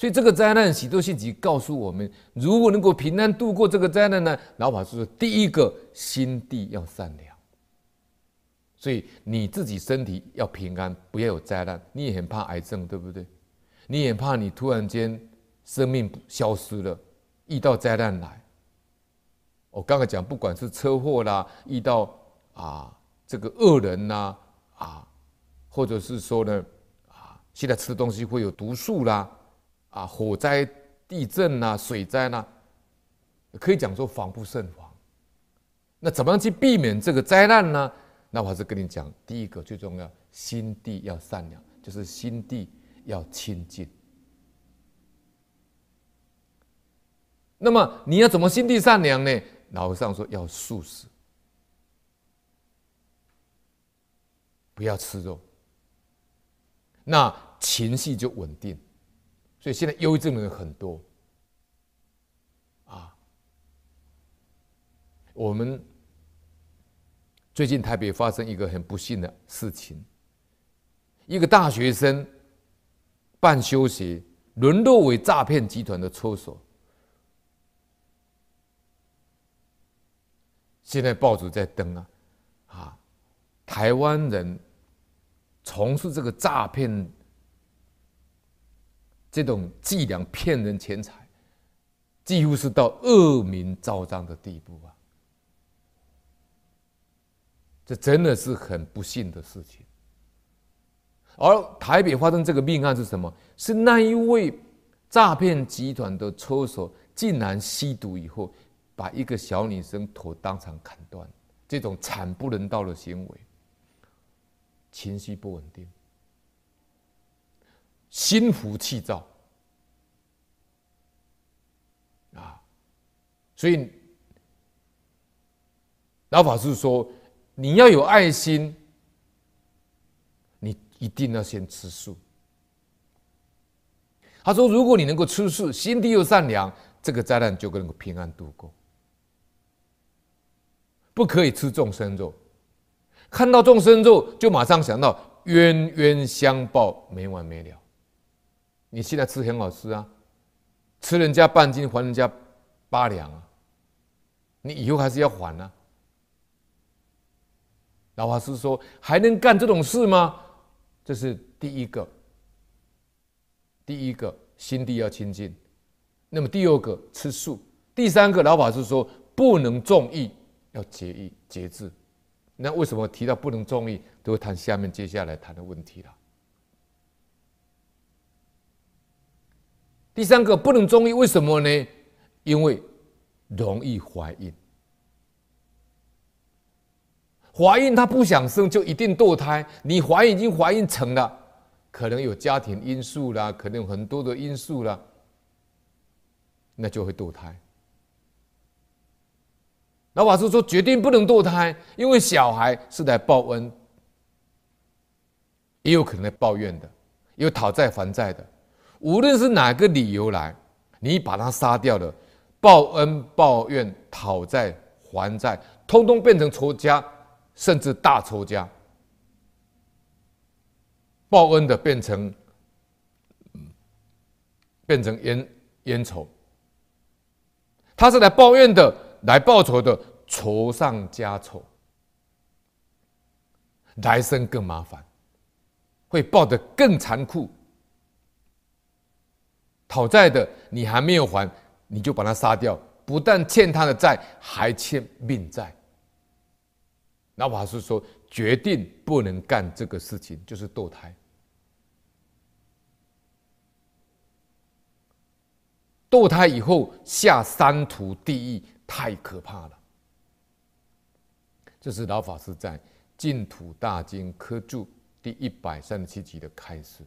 所以這個災難，許多聖賢告訴我們，如果能夠平安度過這個災難呢，老法師說，第一個心地要善良。所以你自己身體要平安，不要有災難。你也很怕癌症，對不對？你也很怕你突然間生命消失了，遇到災難來。我剛剛講，不管是車禍啦，遇到啊這個惡人吶，啊，或者是說呢，啊，現在吃東西會有毒素啦。啊，火災、地震吶、啊，水災吶、啊，可以講說防不勝防。那怎麼樣去避免這個災難呢？那我還是跟你講，第一個最重要，心地要善良，就是心地要清淨。那麼你要怎麼心地善良呢？老和尚說要素食，不要吃肉，那情緒就穩定。所以現在憂鬱症的人很多，啊，我們最近台北發生一個很不幸的事情，一個大學生辦休學，淪落為詐騙集團的車手，現在報紙在登啊，啊，臺灣人從事這個詐騙。這種伎倆騙人錢財，幾乎是到惡名昭彰的地步啊！這真的是很不幸的事情。而台北發生這個命案是什麼？是那一位詐騙集團的車手，竟然吸毒以後，把一個小女生頭當場砍斷，這種慘不忍睹的行為，情緒不穩定。心浮氣躁啊！所以老法師說：“你要有愛心，你一定要先吃素。”他說：“如果你能夠吃素，心地又善良，這個災難就能夠平安度過。不可以吃眾生肉，看到眾生肉就馬上想到冤冤相報，沒完沒了。”你現在吃很好吃啊，吃人家半斤還人家八兩啊，你以後還是要還呢、啊。老法師說，還能幹這種事嗎？這是第一個，第一個心地要清淨。那麼第二個吃素，第三個老法師說不能縱欲，要節欲節制。那為什麼提到不能縱欲，都會談下面接下來談的問題了？第三個不能中醫，為什麼呢？因為容易懷孕。懷孕她不想生就一定墮胎。你懷已經懷孕成了，可能有家庭因素啦，可能有很多的因素啦，那就會墮胎。老法師說，絕對不能墮胎，因為小孩是來報恩，也有可能來報怨的，也有討債還債的。無論是哪個理由來，你把他殺掉了，報恩、報怨、討債、還債，通通變成仇家，甚至大仇家。報恩的變成，變成冤冤仇。他是來報怨的，來報仇的，仇上加仇，來生更麻煩，會報得更殘酷。討債的，你還沒有還，你就把他殺掉，不但欠他的債，還欠命債。老法師說，決定不能幹這個事情，就是墮胎。墮胎以後下三途地獄，太可怕了。這是老法師在《淨土大經科注》第一百三十七集的開始。